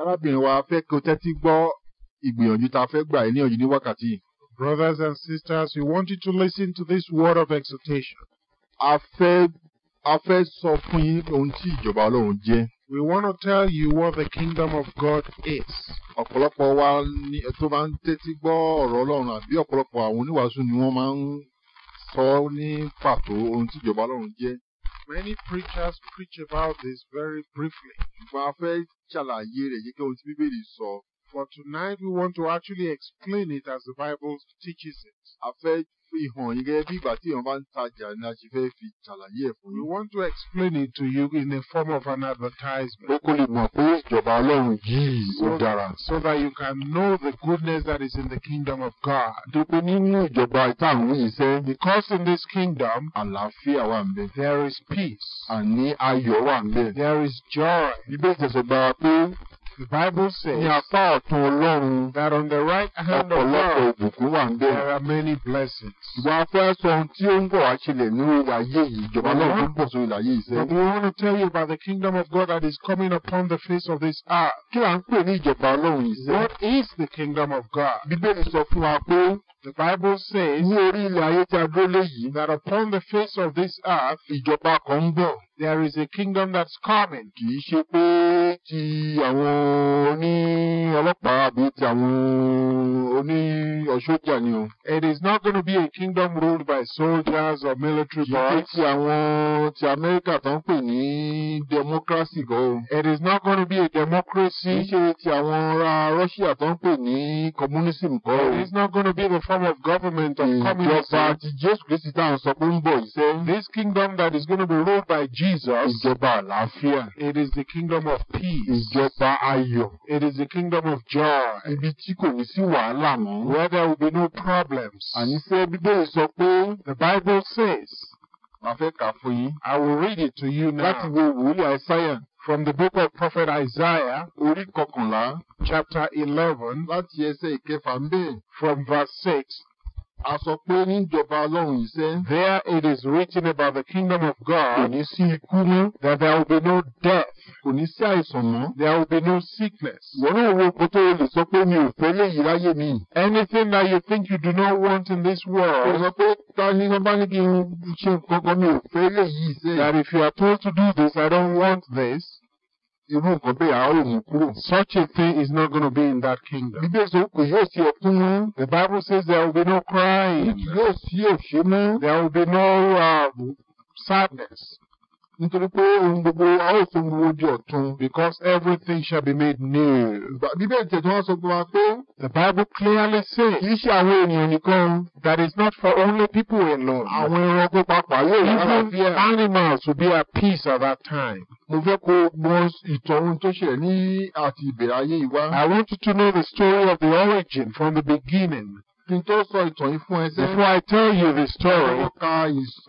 arábìnrin wa fẹ́ kí tẹ́tí gbọ́ ìgbìyànjú tá a fẹ́ gbà ní ọ̀yìn ní wákàtí Brothers and sisters, we want you to listen to this word of exhortation. A fẹ́ a fẹ́ sọ fún yín ohun tí ìjọba Ọlọ́run jẹ́. We want to tell you what the kingdom of God is. Ọ̀pọ̀lọpọ̀ wa ni tó máa ń tẹ́tí gbọ́ ọ̀rọ̀ Ọlọ́run àbí ọ̀pọ̀lọpọ̀ àwọn oníwàásù ni wọ́n máa ń sọ ní pàtó ohun tí ìjọba Ọlọ́run jẹ́. Many preachers preach about this very briefly. Ìgbà a ṣàlàyé rẹ̀ gẹ́gẹ́ ohun tí bíbélì sọ For tonight we want to actually explain it as the Bible teaches it. A fẹ́ fi hàn yín gẹ́gẹ́ bí ìgbà tí èèyàn bá ń tajà ni a ṣe fẹ́ fi ṣàlàyé ẹ̀ fún yín. We want to explain it to you in the form of an advertisement. Ó kò lè mọ̀ pé ìjọba Ọlọ́run yìí ó dára. So that you can know the goodness that is in the kingdom of God. Dúpẹ́ nínú ìjọba ìtàwọn yìí sẹ́. Because in this kingdom, àlàáfíà wà ń bẹ. There is peace. Àní ayọ̀ wà ń bẹ. There is joy. Bíbélì tẹ̀sán gbára pé The Bible says that on the right hand of God There are many blessings. But we want to tell you about the kingdom of God that is coming upon the face of this earth. What is the kingdom of God? The Bible says that upon the face of this earth There is a kingdom that's coming oní ọlọ́pàá àbí ti àwọn oní ọ̀ṣọ́jà ni o. It is not gonna be a kingdom ruled by soldiers or military boys. Kìí ṣe ti àwọn ti Amẹ́ríkà tó ń pè ní democracy gan. It is not gonna be a democracy. Kìí ṣe ti àwọn ará Russia tó ń pè ní communism gan. It is not gonna be the form of government of communism. Ìjọba ti Jésù Kristi tá sọ pé ń bọ̀ iṣẹ́. This kingdom that is gonna be ruled by Jesus. Ìjọba àlàáfíà. It is the kingdom of peace. Ìjọba ayé. ayọ̀. It is the kingdom of joy. Ibi tí kò ní sí wàhálà mọ́. Where there will be no problems. Àníṣe Bíbélì sọ pé. The Bible says. Màá fẹ́ kà fún yín. I will read it to you now. Láti wo wòlíì Isaiah. From the book of Prophet Isaiah, orí kọkànlá, chapter eleven, láti From verse six A sọ pé níjọba Ọlọ́run iṣẹ́. There it is written about the kingdom of God. Kò ní sí ikú mọ́. That there will be no death. Kò ní sí àìsàn mọ́. There will be no sickness. Ìwọ náà wo oko tó o lè sọ pé mi ò fẹ́ léyìí láyé mi. Anything that you think you do not want in this world. Kò sọ pé ta ni wọ́n bá ní kí n ṣe nǹkan kan mi ò fẹ́ léyìí sẹ́yìn. That if you are told to do this, I don't want this. Such a thing is not going to be in that kingdom. Bíbélì sọ pé yóò sí ẹ̀kúnnú. The Bible says there will be no crying. Yóò sí òṣèmú. There will be no uh, sadness nítorí pé ohun gbogbo a ó fún mi lójú ọ̀tún because everything shall be made new. bíbélì tẹ̀tún wá sọ fún wa pé the bible clearly says kì í ṣe àwọn ènìyàn nìkan that is not for only people alone. àwọn ẹranko pàápàá yóò yára bí i animals will be at peace at that time. mo fẹ́ kó mọ ìtàn tó ṣẹlẹ̀ ní àti ìbẹ̀rẹ̀ ayé ìwá. I want you to know the story of the origin from the beginning. Kí n tó sọ ìtàn yìí fún ẹ sẹ́. Before I tell you the story. Mo ka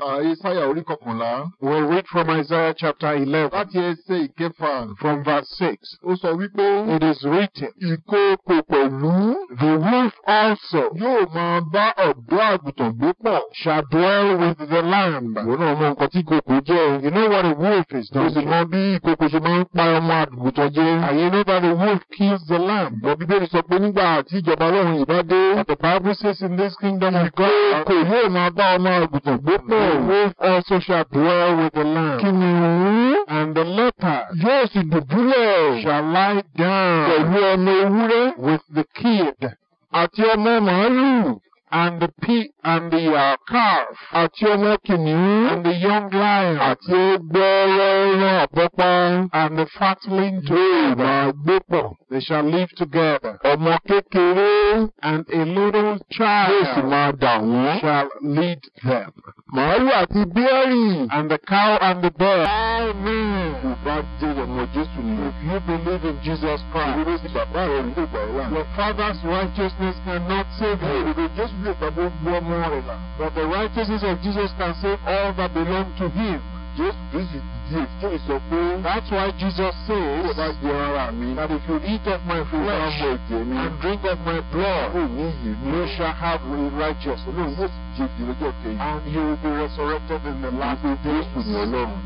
uh, Isaiah orí kọkànlá. We read from Isaiah chapter eleven. Láti ẹsẹ̀ ìkẹfà. From verse six. Ó sọ wípé. It is written. Ìkookò pẹ̀lú. The wolf also. Yóò máa bá ọ̀dọ́ àgùntàn gbé pọ̀. Shall dwell with the lamb. Ìwọ náà mọ nǹkan tí ìkookò jẹ́. You know what a wolf is don't you? Ó sì mọ bí ìkookò ṣe máa ń pa ọmọ àgùntàn jẹ. And you know that a wolf kills the lamb. Bọ̀bí Bẹ́ẹ̀ni sọ pé nígbà tí ìjọba Ọlọ́run ìbá dé. Àtọ̀pá services in this kingdom of God. Kò yóò máa bá ọmọ àgùntàn gbó pọ̀. We also shall dwell with the Lamb. Kìnìún. And the leopard. Yóò sì dùbúlẹ̀. Shall lie down. Pẹ̀lú ọmọ ewúrẹ́. With the kid. Àti ọmọ màálù and the pig and the uh, calf. Àti ọmọ kìnìún. And the young lion. Àti ẹgbẹ́rẹ́rẹ́ ọ̀pọ̀pọ̀. And the fatling doe. Ìgbà gbépọ̀. They shall live together. Ọmọ kékeré. And a little child. Yóò sì máa dà wọ́n. Shall lead them. Màálù àti bẹ́ẹ̀rì. And the cow and the bear. Amen. Bàbá jẹ́ ọmọ Jésù ni. If you believe in Jesus Christ. Ìwé sí bàbá rẹ̀ ló gbà wá. Your father's righteousness cannot save you. Ìwé Jésù. above one more. But the righteousness of Jesus can save all that belong to him. Jésù sọ pé. That's why Jesus says. Bí o bá jẹ ara mi. That if you eat of my flesh and drink of my blood, you shall have righteousness. And he will be resurrected in the last days.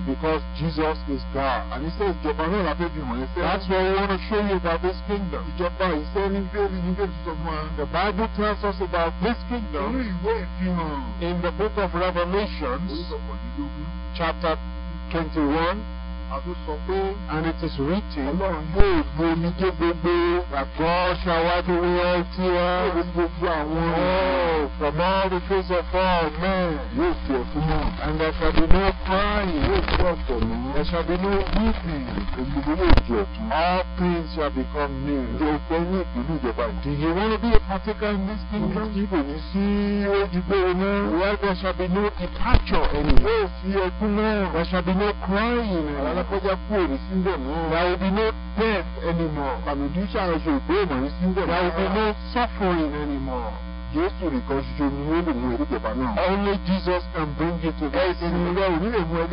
Because Jesus is God. And he says, ìjọba náà la fẹ́ fi hàn That's why we want to show you about this kingdom. Ìjọba ìṣe ní bẹ́ẹ̀ni ní bẹ́ẹ̀ni sọ The Bible tells us about this kingdom. In the book of Revelations chapter 21 àtúntò pé and it is written ọlọ́run yóò bu omi jẹ́ gbogbo àgọ́ ṣáwájú wíwọ́ tí wá gbogbo àwọn oh, from all the face of all men yóò fi ọ̀fun náà and there shall be no crying yóò fi ọ̀fọ̀ mọ́ there shall be no weeping gbogbo yóò di ọ̀tún all things shall become new ǹjẹ́ o fẹ́ ní ìpínlẹ̀ ìjọba yìí. do you wanna be a partaker in this kingdom? ìbò ní sí ojúgbó iná where there shall be no departure anywhere. yóò fi ẹkún náà there shall be no crying kọjá kú èrè síbẹ̀ mú. There will be no death anymore. Kàmìdí ṣàròṣe ìgbé ìmọ̀ yìí síbẹ̀. There will be no suffering anymore. Jésù nìkan ṣoṣo ni ó lè mú ẹ náà. Only Jesus can bring you to that. Ẹ̀sìn ìwé òní lè mú ẹ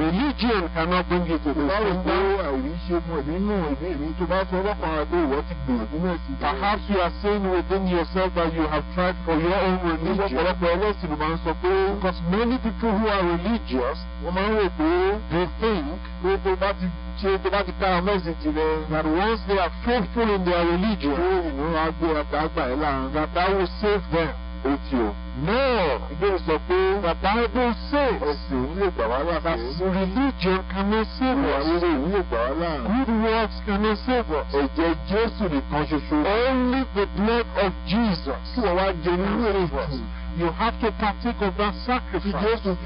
Religion cannot bring you to that. Báwo ni ó ṣe mú ẹ̀mí nù ẹ̀mí ẹ̀mí tó bá sọ lọ́kàn pé ìwọ ti gbìyànjú náà sí. Perhaps you are saying within yourself that you have tried for your own religion. Ọ̀pọ̀lọpọ̀ ẹlẹ́sìn ló máa ń sọ pé. Because many people who are religious, wọ́n máa ń rò pé they think pé tó bá ti tí o kára mẹ́sẹ̀jì rẹ. that once they are faithful in their religion. yóò wọ́n á gbé àgbà yìí láàrin. that that will save them. o ti o. No, ìbéèrè sọ pé the Bible says ẹ̀sìn ìwúlò gbà wá láàbò. that religion cannot save us. ìwúlò ìwúlò gbà wá good works cannot save us. ẹ̀jẹ̀ Jésù nìkan ṣoṣo. only the blood of Jesus. kí wọ́n wá jẹ nínú ìwọ̀sùn. You have to partake of that sacrifice. And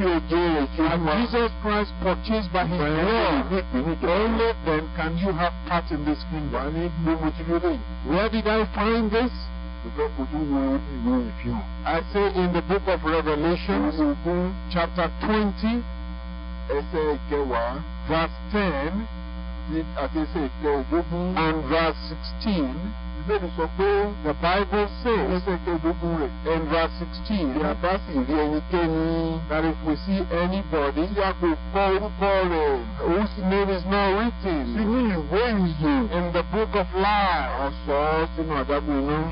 Jesus Christ purchased by his blood. Only then can you have part in this kingdom. Where did I find this? I say in the book of Revelation, chapter 20, verse 10, and verse 16. The Bible says in verse 16 that if we see anybody whose name is not written in the book of life,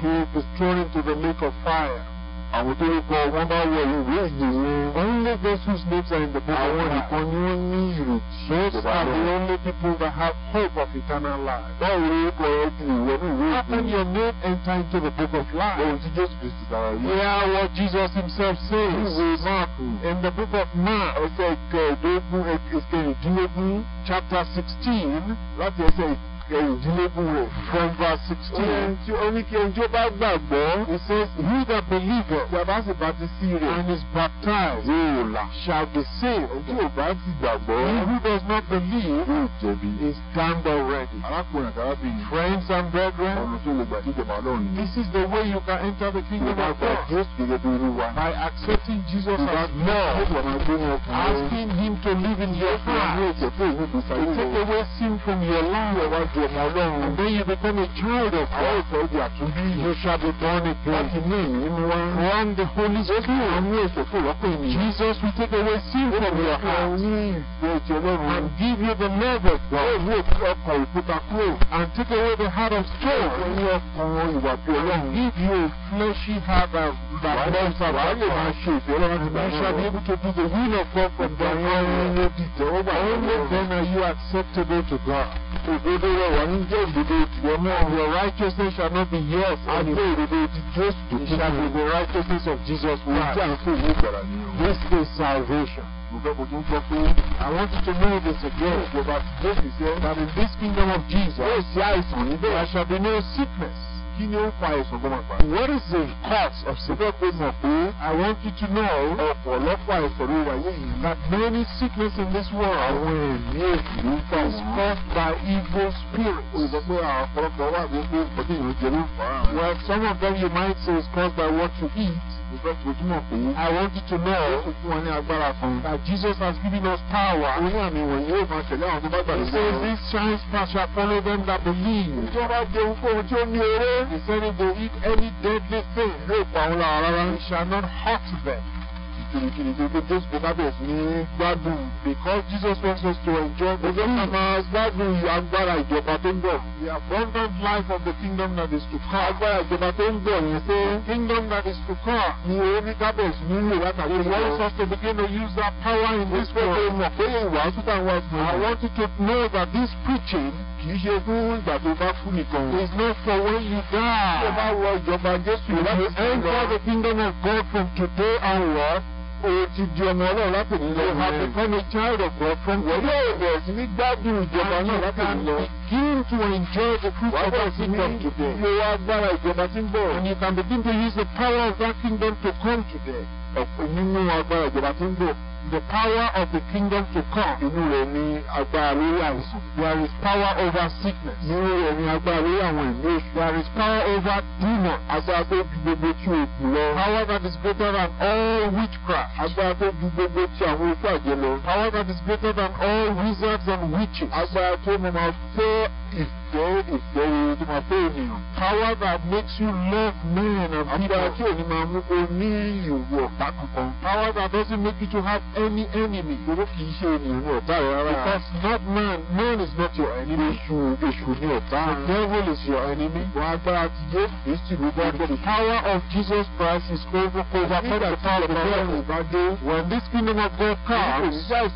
he is thrown into the lake of fire àwọn tó ń kọ wọn bá wọ ìwé ìyẹ̀wò. only those whose names are in the book of life. àwọn nìkan ni wọ́n ní ìrètí. those are the only people that have hope of eternal life. báwo ni ó kọ ojú ìwé ìwé ìwé. how can your name enter into the book of life. ohun tí Jésù Kristi dára yìí. hear what Jesus himself says. ìwé Máàkù. in the book of Mark. ẹsẹ̀ kẹẹ̀ẹ́dógún ẹsẹ̀ ìdínlógún chapter sixteen láti ẹsẹ̀ ìdínlógún rẹ̀ from verse sixteen. ohun tí oríkèé tó bá gbàgbọ́. it says he that believeth. tí a bá sì bá a si ba rẹ̀. and is baptized. yóò là. shall be saved. ojú ò bá ti gbàgbọ́. he who does not believe. yóò jẹ̀bi. is damned already. arákùnrin àti arábìnrin. friends and brethren. ọ̀nà tó lè gbà sí ìjọba ni. this is the way you can enter the kingdom of God. ìgbà bí by accepting Jesus as Lord. asking him to live in your heart. to take away sin from your life ọmọ ọlọ́run. Then you become a child of God. Àwọn ìfẹ́ ìdí àtúndí. You shall be born Láti ní wá. the Holy Spirit. èso Jesus will take away sin from your heart. ìjọ And give you the love of God. Ó wú òkú ọkọ̀ ìkúta kúrò. And take away the heart of stone. Ó ní ọkàn ìwà ọlọ́run. give you a fleshy heart that shall be able to do the will of God from the then are you acceptable to God. òdodo rẹ̀ wọ́n ń jẹ́ the tiwọn náà. your righteousness shall not be yours. a gbé òdodo ti Jésù. it shall be the righteousness of Jesus Christ. this is salvation. I want you to know this again. ìjọba Jésù sẹ́. that in this kingdom of Jesus. yóò sí there shall be no sickness. What is the cause of severe poison of food? I want you to know uh, that many sickness in this world are caused by evil spirits. Well, some of them you might say is caused by what you eat. Because we do not believe. I want you to know that Jesus has given us power. He says these signs shall follow them that believe. He said if they eat any deadly thing, it shall not hurt them kirikiri tó pé those bokabes ní gbádùn because Jesus wants us to enjoy the kingdom as gbádùn agbára ìjọba tó ń bọ̀ the abundant life of the kingdom that is to come agbára ìjọba tó ń bọ̀ yẹn pé kingdom that is to come ni oníkabes nílò látàkì wọn. he wants us to begin to use that power in this world. ó mọ̀ pé ìwàásù táwọn I want you to know that this preaching kì í ṣe fún ìgbà tó bá fún nìkan. is not for when you die. tó bá wọ ìjọba Jésù láti sùn lọ. enter the kingdom of God from today onward o ti di ọmọ ọlọ́run láti ní lọ. you have become a child of God from God. yóò bẹ̀rẹ̀ sí ní gbádùn ìjọba náà láti ní lọ. begin to enjoy the fruit of that kingdom today. mo wá agbára ìjọba tí ń bọ̀. and you can begin to use the power of that kingdom to come today. ọ̀pọ̀ nínú agbára ìjọba tí ń bọ̀ the power of the kingdom to come. Inú rẹ̀ ni agbára lórí àìsàn. There is power over sickness. Inú rẹ̀ ni agbára lórí àwọn ìlú oṣù. There is power over demon. Agbára tó ju gbogbo tí oògùn lọ. Power that is greater than all witchcraft. Agbára tó ju gbogbo tí àwọn oṣù àjẹ lọ. Power that is greater than all wizards and witches. Agbára tó mọ̀ máa fẹ́ ìfẹ́ ìfẹ́ rere tó máa fẹ́ ènìyàn. Power that makes you love men and people. Agbára tí ò ní máa mú kó ìwọ̀ bákan kan. Power that doesn't make you to have any enemy gbogbo kì because not man man is not your enemy. the devil is your enemy. the power of Jesus Christ is over over nígbà when this kingdom of God comes. I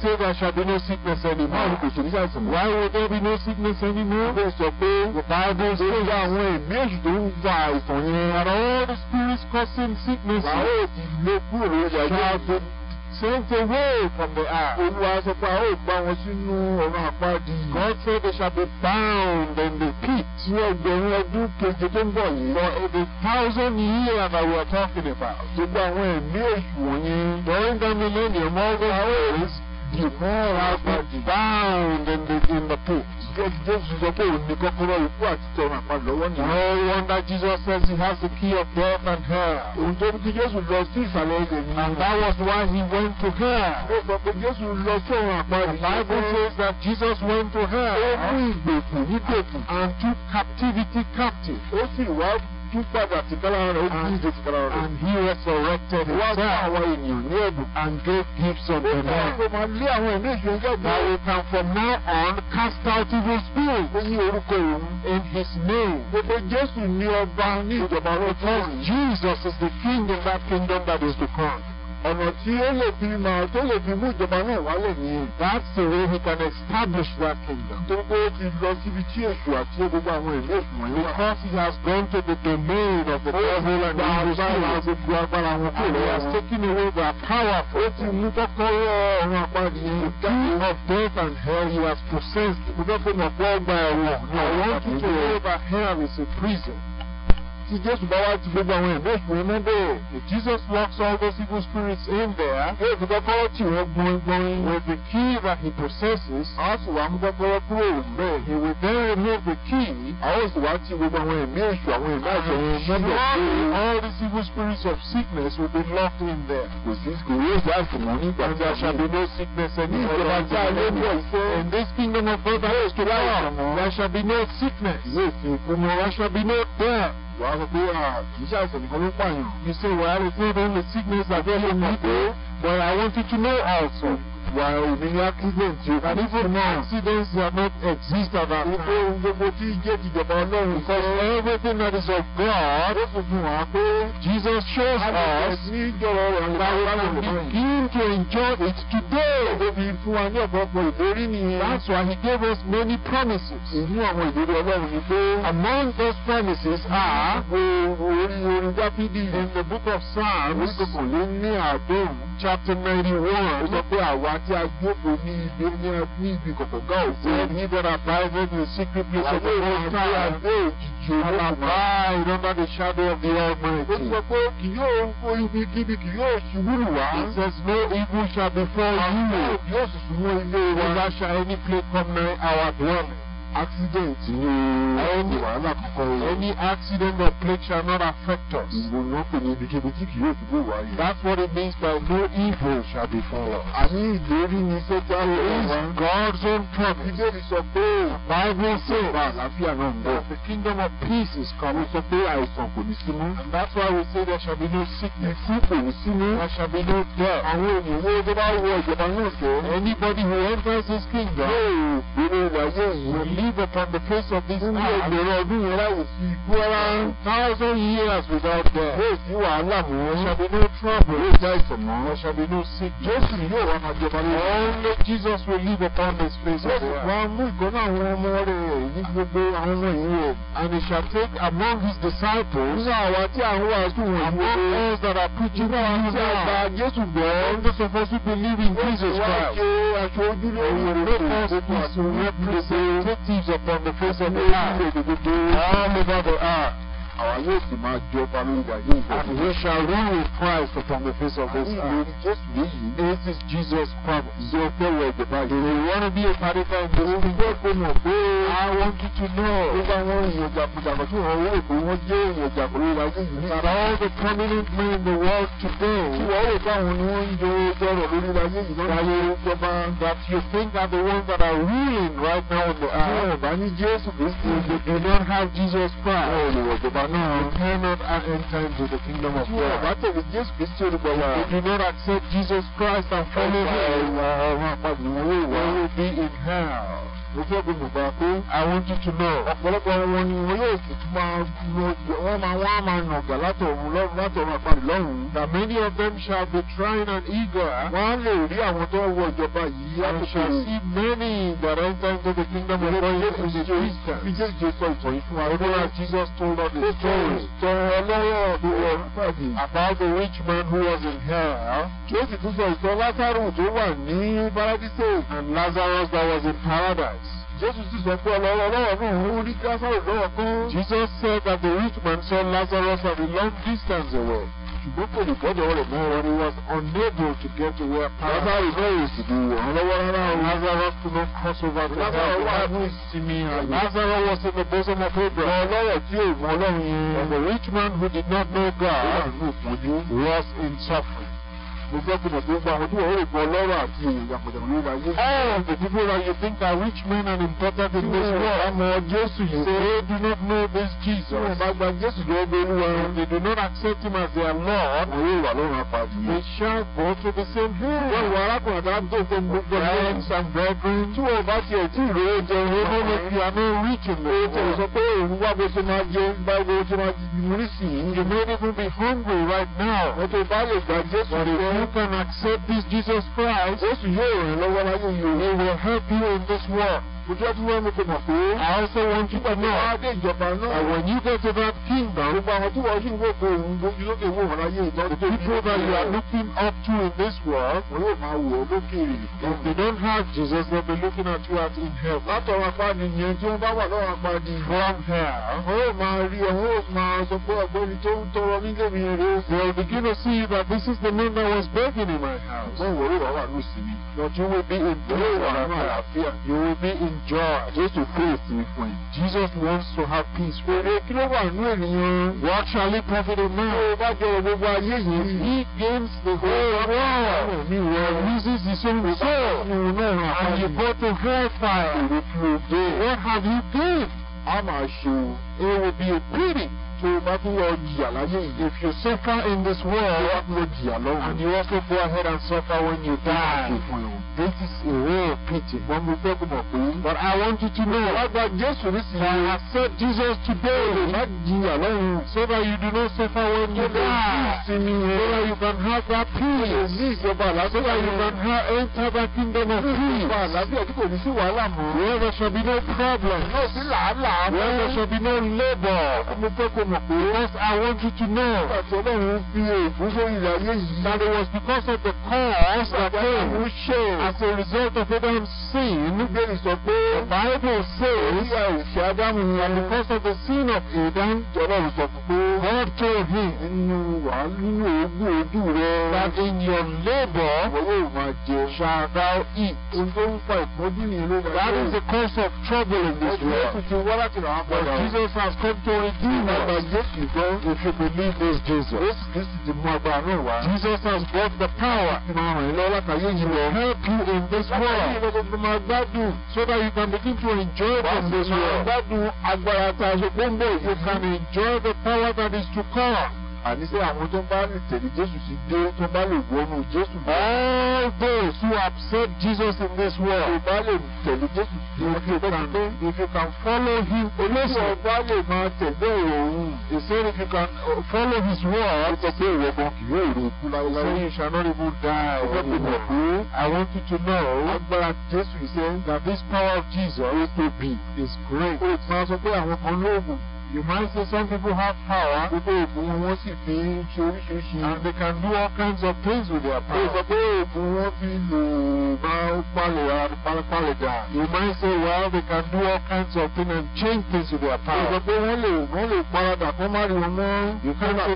say there shall be no sickness anymore. why will there be no sickness anymore. the bible says that ẹ̀mí èṣù tó ń all the spirits causing sickness. wàá ó ti lé kúrò Save the way from the earth. Olúwa sọ pé a ó gbá wọn sínú ọ̀run àpáàdì. God said they shall be bound in the pit. Ní ẹgbẹ̀rún ọdún keje tó ń bọ̀ yìí. For the thousand years that we are talking about. Gbogbo àwọn ẹ̀mí èṣù wọ̀nyí. During that millennium, all those ways you know how far the bound and the, in the pool. Jésù sọ pé òun ni kọ́kọ́rọ́ ikú àti tọrọ àpàdé lọ́wọ́ ni. No wonder Jesus says he has the key of death and hell. Òun tó kí Jésù lọ sí ìsàlẹ̀ ilẹ̀ ni. And that was why he went to hell. Ó sọ pé Jésù lọ sí ọ̀run àpàdé. The Bible says that Jesus went to hell. Ó mú ìgbèkùn ní gbèkùn. And took captivity captive. Ó sì wá ojú padà tìkálára rẹ̀ ó bí tìkálára rẹ̀. and he resurrected himself. wá àwọn ènìyàn ní ẹ̀bùn. and gave gifts unto them. ó kọ́ máa lé àwọn ẹ̀mí ìjọ jáde. now we can from now on cast out evil spirits. ó ní orúkọ òun. in his name. gbogbo Jésù ni ọba ní ìjọba lọ́tọ́. because Jesus is the king in that kingdom that is to come ọ̀nà tí ó lè fi máa tó lè fi mú ìjọba náà wálẹ̀ nìyẹn. that's the way he can establish that kingdom. tó ń gbé ti lọ síbi tí èṣù àti gbogbo àwọn ìlú èṣù wọ̀nyí wà. because he has gone to the domain of the devil and the evil spirit. gbogbo agbára wọn kúrò. he has taken away the power. ó ti mú kọ́kọ́rọ́ ọ̀run apáàdé yẹn. the kingdom of death and hell he has possessed. mo fẹ́ fún ọ̀pọ̀ ọgbà ẹ̀wọ̀n. I want you to hell is a prison. tí just bá to ti away. àwọn ẹ̀mí if Jesus locks all those evil spirits in there If the kọ́kọ́rọ́ tì wọ́n gbọ́ngbọ́n with the key that he possesses a ó sì wá mú kọ́kọ́rọ́ he will then remove the key a ó sì wá tì gbogbo àwọn ẹ̀mí èṣù àwọn ẹ̀mí all these evil spirits of sickness will be locked in there. kò sí kò yóò sá sí wọn nígbà tí a no sickness ẹni ìjọba tí a in this kingdom of God there shall be no sickness. yóò fi kú there shall be no death. You á sọ pé a í ṣàìsàn nìkan you say wàá rí i pé the sickness available. but I want you to know also. While mí ní accident o. and even now accidents are not exist at that time. gbogbo gbogbo tí jẹ́ tìjọba ọlọ́run. because everything that is of God. ó fún fún wa pé. Jesus shows us. a lè ní ìjọba ọ̀rọ̀ àwọn begin to enjoy it today. òbí fún wa ní ọ̀pọ̀lọpọ̀ ìlérí nìyẹn. that's why he gave us many promises. ìlú àwọn ìlérí ọlọ́run ni pé. among those promises are. gbogbo orí orin dáfídì. in the book of Psalms. orí kòkòlé ní àádọ́rùn chapter ninety-one. ó sọ pé àwa láti agbóbo ní ibi ní ní ibi kọ̀kọ̀ gá òfin. Ṣé ní bẹ̀rẹ̀ private and secret place of the world ní àgbé òjijì olókùnrin? Àlàbá remember the shadow of the Almighty. Ó sọ pé kì yóò oyúbi kíbi kì yóò ṣubúrù wá. He says no evil shall befall you. Àwọn yóò sì sùn mú ilé wa. Ìgbà ṣá any place come nine our dwelling accident ni eh, any wàhálà kankan yẹn. any accident of nature not affect us. ìwòrán kò ní ibikíbi tí kì yóò gbogbo wáyé. that's what it means by no evil shall be for us. àní ìlérí ni sẹ́jà ló wá. is God's own promise. ìbéèrè sọ pé Bible says ọba àlàáfíà náà ń bọ̀. the kingdom of peace is coming. ó sọ pé àìsàn kò ní sínú. and that's why we say there shall be no sickness. ìsú kò ní sínú. there shall be no death. àwọn ènìyàn wo tó bá wọ ìjọba náà sọ. anybody who enters his kingdom. yóò gbé wáyé ìwọlé live upon the face of this earth. Nínú ìgbèrè ọdún yẹn láì sí ikú rárá. Thousand years without death. Yóò sí wàhálà mọ́. There shall be no trouble. Yóò já ìsàn mọ́. There shall be no sickness. Jésù yóò wá máa jọba lórí. Only Jesus will live upon this face of the earth. mú ìkọ́nà àwọn ọmọ rẹ̀ ní gbogbo àwọn ọmọ yìí rẹ̀. And he shall take among his disciples. Nínú àwa tí àwọn wàásù wọ̀nyí. Among us that are preaching to you now. Nínú àwọn Jésù gbọ́. And those of us who believe in Jesus Christ. thieves upon the face of the earth, the earth. Our yóò sì máa jọba lórí wa yóò And we shall rule with Christ upon the face of this earth. This is Jesus Christ. Ṣé o the wọ ìjọba yìí? Do you wanna be a party fan? Mo ń gbọ́ pé mo pé. I want you to know. Nígbà wọn ìwọ̀n jàpùjàpù tí wọ́n wọ ìbò wọn jẹ́ ìwọ̀n jàpù lórí wa yóò yìí. That all the prominent men in the world today. Tí wọ́n rò báwọn ni wọ́n ń jẹ ọ̀rọ̀ lórí wa yóò yìí. that you think are the ones that are ruling right now in the earth. Ṣé ọ̀bá ní Jésù Kristi? They do not have Jesus Christ. Báwo ni ìwọ̀n ìjọba now. You cannot enter into the kingdom of God. If you do not accept Jesus Christ and follow Him, you will be in hell. Olùsẹ́gun Bùbá pé àwọn tuntun náà ọ̀pọ̀lọpọ̀ wọn ni wọn yóò sì tún máa wọ́n máa wọ́n máa nà ọ̀gá látọ̀run lọ́run látọ̀run àpàdé lọ́run. That many of them shall be trying and eager. Wọ́n á lè rí àwọn tó wọ ìjọba yìí àtúntò. I shall see many that enter into the kingdom of God in the distance. Bí Jésù Jésù sọ ìtàn yìí fún wa. Olúwa Jesus told us the story. Sọ̀rọ̀ ọlọ́wọ́ ọ̀dùnwọ̀ nípàdé. About the rich man who was in hell. Jésù tún sọ ìtàn Lásàrù tó wà ní Paradise and Lazarus that was in paradise. Jésù sì sọ pé ọlọ́wọ́ ọlọ́wọ́ fún ó ní kí lọ́wọ́ kan. Jesus said that the rich man saw Lazarus at a long distance away. ṣùgbọ́n kò lè gbọ́dọ̀ rẹ̀ mọ́ wọn he was unable to get to where power. Lazarus is very easy to do. ọlọ́wọ́ rárá o. Lazarus could not cross over to Lazarus. Lazarus wà ní ìsinmi àyè. Lazarus was in the bosom of Abraham. ọlọ́wọ́ tí ò mọ ọlọ́run yẹn. and the rich man who did not know God was in suffering mo fẹ́ kó mọ̀ pé gbogbo àwọn tí wọ́n rò pọ̀ lọ́rọ̀ àti òun all the people that you think are rich men and important in this world àmọ́ Jésù yìí say they do not know this Jesus. wọ́n bá gba Jésù lọ́wọ́ bí they do not accept him as their Lord. wọ́n yóò wà lọ́rùn apájú. they shall go to the same Well, wọ́n wọ arákùnrin àti àbújá ìfẹ́ gbogbo friends and brethren. tí Two bá tiẹ̀ tí ìró jẹ owó ló are not rich in the world. o sọ pé òun wá bó ṣe máa jẹ báwo bó ṣe máa you may even be hungry right now. Okay, tó bá lè gba Jésù lè you can accept this Jesus Christ, and he will help you in this work. mo fẹ́ fún wọn kò mọ̀ pé. àwọn sọ wọn túbọ̀ náà. wọ́n á ìjọba náà. àwọn yìí fẹ́ ṣe bá kí n bá. gbogbo àwọn tí wọ́n sì wò pé òun bójú lókè wò wọ́n láyé ìtọ́. the people that you are looking up to in this world. wọ́n yóò máa wò ó lókèrè. if they don't have Jesus they'll be looking at you as in hell. látọ̀rọ̀ apáni yẹn tí wọ́n bá wà lọ́wọ́ apáni. from hell. wọ́n yóò máa rí ọ wọ́n yóò máa sọ pé ọ̀gbẹ́ni tó ń begin to see that this is the man that was begging in my house. wọ́n wọlé wàhálà ló sì but you will be in prayer. you will be in joy. to face fún ẹ. Jesus wants to have peace for you. Kí ló What shall it profit a man? He gains the whole oh, world. He loses his own oh, soul. And you go to hellfire. you what have you gained? I'm not sure. It will be a pity. If you suffer in this world you and you also go ahead and suffer when you die, this is a way of pity. But I want you to know that I accept Jesus today not so that you do not suffer when you die, so that you can have that peace, so that you can have, enter the kingdom of peace where there shall be no problem, where there shall be no labor mi pé. because I want you to know. àti ọlọ́run fi èébú sórí ilẹ̀ ayé yìí. that it was because of the cause that came. àti ṣe. as a result of Adam's sin. bíbélì sọ pé. the Bible says. orí àìsè Ádámù yẹn. and because of the sin of Adam. ọlọ́run sọ fún pé. God told him. nínú wàá nínú ogún ojú rẹ. that in your labour. wọ́n yóò máa jẹ. shall thou eat. tó ń fa ìpọ́njú nìyẹn ló máa jẹ. that is the cause of trouble in this world. ọ̀sùn yóò tún ti láti ràn án padà. but Jesus has come to redeem us. And if you go, if you believe this Jesus, this, this is the more Jesus has brought the power. You know, like I He will help you in this world. So that you can begin to enjoy from this world. You can enjoy the power that is to come. àníṣe àwọn tó bá lè tẹ̀lé Jésù sí dé tó bá lè wọnú Jésù. all those who accept Jesus in this world. tó bá lè tẹ̀lé Jésù dé ojú ọ̀kan dé. if you can follow him. olóṣù ọba lè máa tẹ̀lé òun. he said if you can uh, follow his word. ó sọ pé ìwọ kan kì yóò rí ikú láéláé. so you shall not even die. ọjọ́ pé I want you to know. agbára Jésù ṣe. that this power of Jesus. is to be. is great. o ti máa sọ pé àwọn kan lóògùn. You might say some people have power. Wípé oògùn wọn wọ́n sì fi And they can do all kinds of things with their power. Ó sọ pé oògùn wọn fi lò máa ń palẹ̀ You might say well they can do all kinds of things and change things with their power. Ó sọ pé wọ́n lè wọ́n lè paradà kó má rí You can say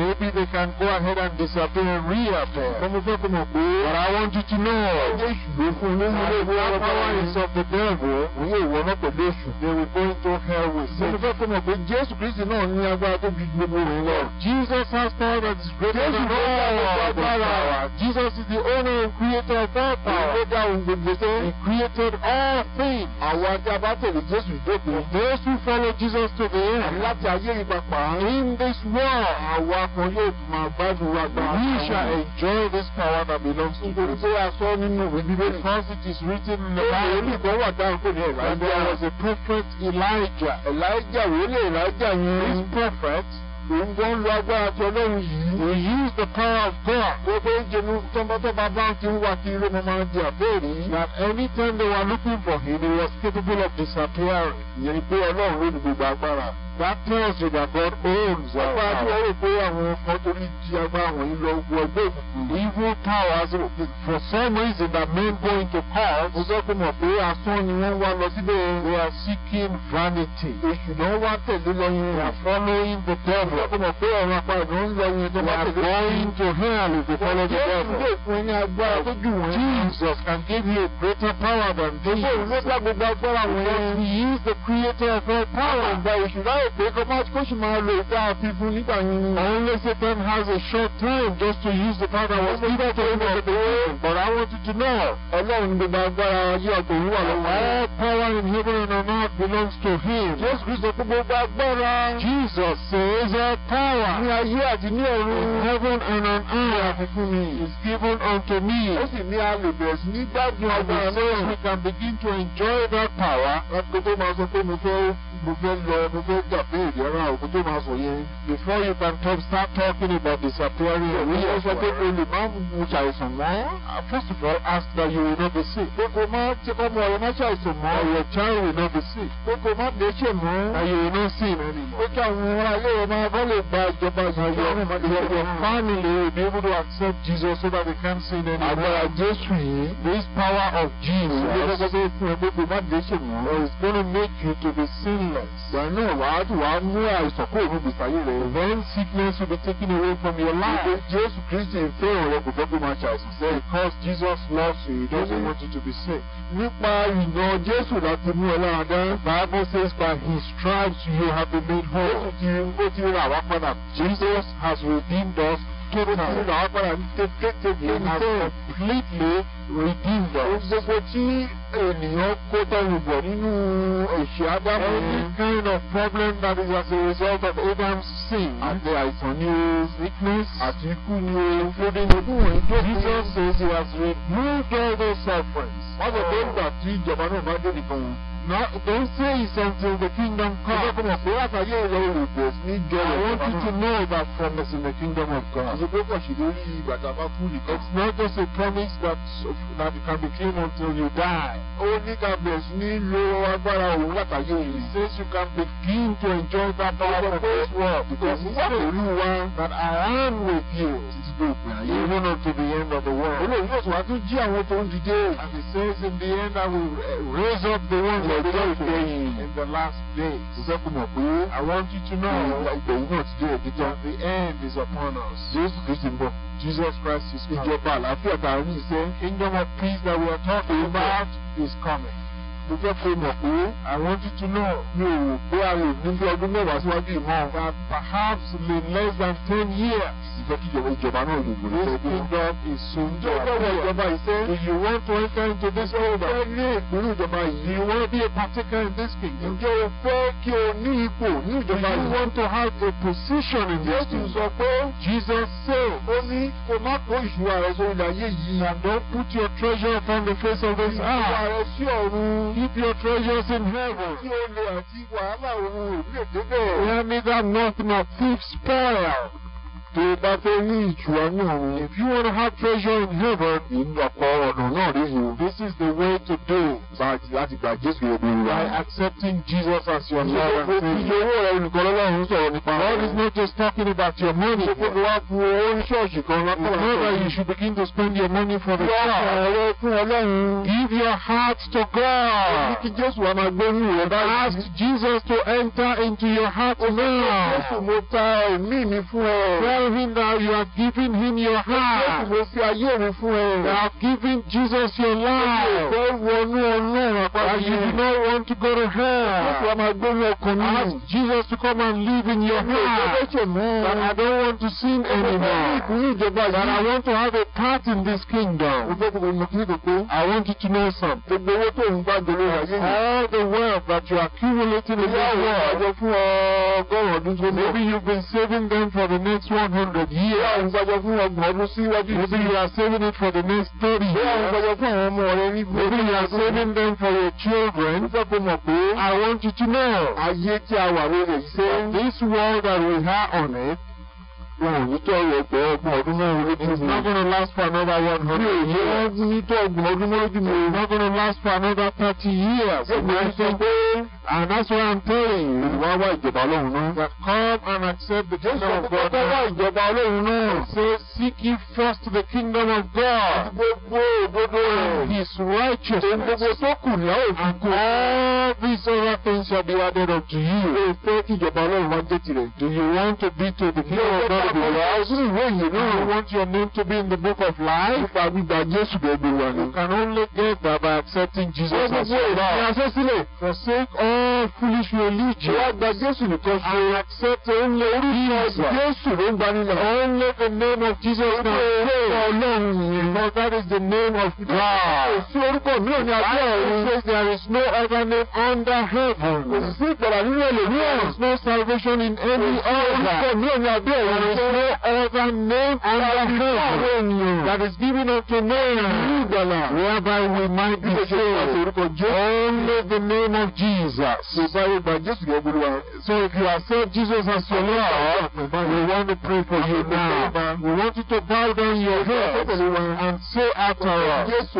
maybe they can go ahead and disappear and reappear. Ọmọ fẹ́ kọ́ mọ̀ But I want you to know. Ṣé ìṣùgbọ́n fún mi ní ilé ìwé ọlọ́pàá wà ní sọ the devil? We yóò wọ́n náà pẹ̀lú èṣù. They will go into hell with sin pé Jésù Kristi náà ní agbára tó fi gbogbo rẹ̀ lọ. Jesus has power that is greater than all our power. Jesus is the owner and creator of all power. He made ohun gbogbo ṣe. He created all things. Àwọn àti abátẹ̀lẹ̀ Jésù ìdókòó. Those who follow Jesus to the end. Àti láti ayé ìpapà. In this world. Àwa kan yóò máa gbádùn wa gbà. We shall enjoy this power that belongs to God. Nítorí a nínú ìwé Because it is written in the Bible. Olùkọ́ wà dáhùn pé ní ẹ̀rọ. And there was a prophet Elijah. Elijah wòlíì. Elijah yìí. This prophet. Òun gan lo agbára ti Ọlọ́run yìí. He used the power of God. Gbogbo oúnjẹ ní tọ́mọtọ́mọ bá ń ti wá kiri ló máa ń di àbẹ́rẹ́ yìí. That anytime they were looking for him, he was capable of disappearing. Ìyẹn pé Ọlọ́run ló ní gbogbo agbára. that tells you that God owns our power. Evil powers, for some reason, that men go into cult, they are seeking vanity. They are following the devil. They are going to hell if they follow the devil. Jesus can give you greater power than this. Because he is the creator of all power. pé kọ́pàtì kó sì máa lo ìgbà fífún nígbà yín. Àwọn ilé ten has a short time just to use the power was given to of the world. But I want you to know. Ọlọ́run gbogbo agbára ayé àtòwú wà lọ́wọ́. All power in heaven and on earth belongs to him. Jésù Kristo kó gbogbo agbára. Jesus says all power. Ní ayé àti ní ọ̀run. In heaven and on earth. Àfikún mi. Is given unto me. Ó sì ní a lè bẹ̀rẹ̀ sí ní gbádùn agbára náà. We can begin to enjoy that power. Láti kó máa sọ pé mo fẹ́ before you can talk start talking about disappearing. èmi yẹn sọ pé olè máa ń mu ṣàìsàn first of all ask that you will not be sick. pé kò má jẹ́ kó mọ ọ̀rọ̀ your child will not be sick. pé kò má that you will not see many. pé kí àwọn ará ilé rẹ máa bọ́ lè gba ìjọba your family will be able to accept Jesus so that they can not see them. agbára Jésù this power of Jesus. ilé kọ́kọ́ tó fún ẹ pé kò má déṣe is gonna make you to be seen. ailments. Wàá náà wàá tún wàá mú àìsàn kúrò níbi ìsàyè rẹ̀. Then sickness will be taken away from your life. Ìgbé Jésù Kristi fẹ́ràn rẹ kò fẹ́ kó máa ṣàìsàn sẹ́. Because Jesus loves you, he doesn't want you to be sick. Nípa ìnà Jésù láti mú ẹ lára dá. Bible says by his stripes you have been made whole. Jésù ti ó ti rà wá padà. Jesus has redeemed us tó ti là á padà tètè bí ẹnìtẹ́ completely redeemed. gbogbo tí ènìyàn kó tọ́lùbọ̀ nínú ẹ̀ṣẹ̀ ádámù. any kind of problem that is as a result of Adam's sin. àti àìsàn ni o. sickness. As you could know, including the wọ̀nyí tó Jesus says he has removed all those sufferings. wọ́n sọ pé ìgbà tí ìjọba náà bá dé nìkan wọn. Now they say it's until the kingdom comes. I want you to know that promise in the kingdom of God. It's not just a promise that, that can be claimed until you die. He says you can begin to enjoy that power of this world because he says that I am with you. Even unto the end of the world. And he says in the end I will eh, raise up the ones in the last days. I want you to know ìgbẹ̀yìn náà ti dé òtítọ́. The end is upon us. Jesus Christ is coming. Ìjọba àlàáfíà he's saying Kingdom of peace that we are talking about is coming. mo fẹ́ kó mọ̀ pé àwọn tuntun náà mi ò rò pé a lè ní ọdún mẹ́wàá síwájú ìmọ̀ ọ̀hún. perhaps le less than ten years. ìfẹ́kíjọba ìjọba náà lè gbòòrò sẹ́gbẹ́. this kingdom is soon to ìjọba ìṣe if you want to enter into this order. fẹ́ ní ìpínlẹ̀ ìjọba yìí you want to be a partaker in this kingdom. ǹjẹ́ o fẹ́ kí o ní ipò ní ìjọba yìí. you want to have a position in this Jesus said. ó ní kò má kó ìṣúra rẹ sórí and don't put your treasure upon the face of this earth keep your treasures in heaven. Kí olè àti wàhálà òun ò lè débẹ̀. Where neither moth nor thief spoil tó bá fẹ́ rí ìtura ní If you wanna have treasure in heaven, ìlọ́pọ̀ ọ̀nà náà rí o. This is the way to do. Báyìí láti gba Jésù òbí rẹ̀. By accepting Jesus as your Lord and Savior. Ìṣòro rẹ̀ olùkọ́ lọ́lọ́run sọ̀rọ̀ nípa. God is not just talking about your money. Ṣé kò wá fún owó ṣọ́ọ̀ṣì kan lọ́kọ̀ lọ́kọ̀? you should begin to spend your money for the church. fún Ọlọ́run. Give your heart to God. Ó ní kí Jésù àmà gbórí rẹ̀ báyìí. Ask Jesus to enter into your heart now. Jésù mo ta ẹ̀mí mi fún ẹ. telling him now you are giving him your heart. You are giving Jesus your life. And you do not want to go to hell. Ask Jesus to come and live in your heart. But I don't want to sin anymore. But I want to have a part in this kingdom. I want you to know something. All the wealth that you are accumulating in this world, maybe you've been saving them for the next one hundred years. Wọ́n ń gbàgbọ́ you are saving it for the next thirty years. Maybe you are saving them for your children. I want you to know. Ayé tí a wà This world that we have on it wọn ò ní kẹ́ ẹ̀yẹ pẹ́ ọgbọ̀n ọdún mẹ́rin lójú mi. it's not gonna last for another one hundred years. mi ò yẹ ní kẹ́ ọgbọ̀n ọdún mẹ́rin lójú mi. it's not gonna last for another thirty years. ó máa sọ pé and that's what I'm telling you. wá wá ìjọba ọlọ́run náà. come and accept the kingdom of God. jésù wá ìjọba ọlọ́run náà. say seek ye first the kingdom of God. gbogbo òdodo rẹ̀. his righteousness. gbogbo tó kù ní àwọn òfin. and all these other things shall be added unto you. o fẹ́ kí ìjọba ọlọ́run wá jẹ́ tirẹ̀. do you want to be to the kingdom of God? Olúwa. Sínú ìwé yìí náà. I want your name to be in the book of life. Nípa gbígba Jésù bẹ̀rù wa ni. You can only get that by accepting Jesus as your Lord. Gbogbo èyí ni a ṣe sílẹ̀. Forsake all foolish religion. Wọ́n gba Jésù nìkan ṣe. And accept only orúkọ ìgbà. Jésù ló ń gbani náà. Only the name of Jesus now. Orúkọ Ọlọ́run yìí. For that is the name of God. Kò sí orúkọ mìíràn ní abẹ́ ọ̀run. says there is no other name under heaven. Kò sí ìgbàlá nínú ẹlòmíràn. There is no salvation in any other. Orúkọ mìíràn ní abẹ́ ọ̀run. spirit of name and that is given you, that is given the men, whereby we might be saved. Only the name of Jesus. So if you accept Jesus as your Lord, we want to pray for you now. We want you to bow down your head and say after us,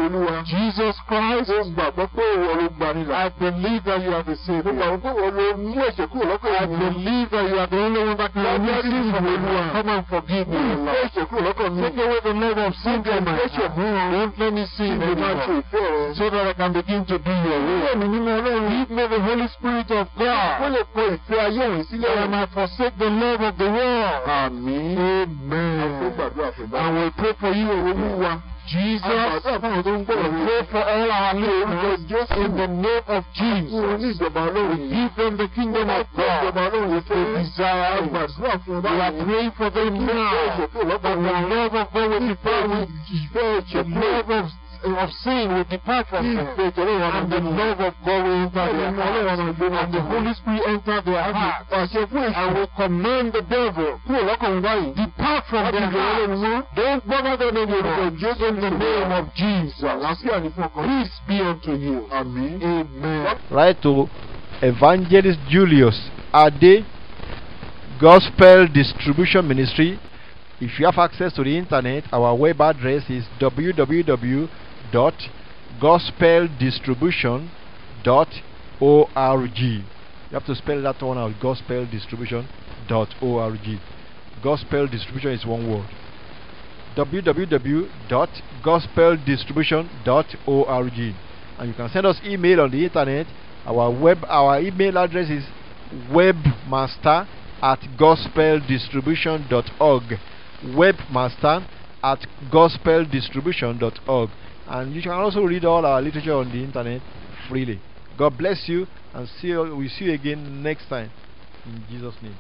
Jesus Christ, I believe that you are the Savior. I believe that you are the only one that can rescue from the Come and forgive me, Take away the level of sin from my heart. let me see the anymore. So that I can begin to do your will. Give me the Holy Spirit of God. That I might forsake the love of the world. Amen. Amen. And we pray for you, Olúwa. Jesus. Pray for all our listeners in the name of Jesus. Give them the kingdom of God. a desire. We are praying for them now. but the love of God will be found. The love of of sin will depart from them. And the love of God will enter their heart. And the Holy Spirit enter their heart. And will command the devil. Depart from their heart. Don't bother them anymore. Just in the name of Jesus. Peace be unto you. Amen. Amen. Right to Evangelist Julius Ade Gospel Distribution Ministry. If you have access to the internet, our web address is www gospeldistribution.org. You have to spell that one out gospeldistribution.org. Gospel distribution is one word. www.gospeldistribution.org. And you can send us email on the internet. Our web our email address is webmaster at gospeldistribution.org. Webmaster at gospeldistribution.org and you can also read all our literature on the internet freely. God bless you and see you, we see you again next time in Jesus name.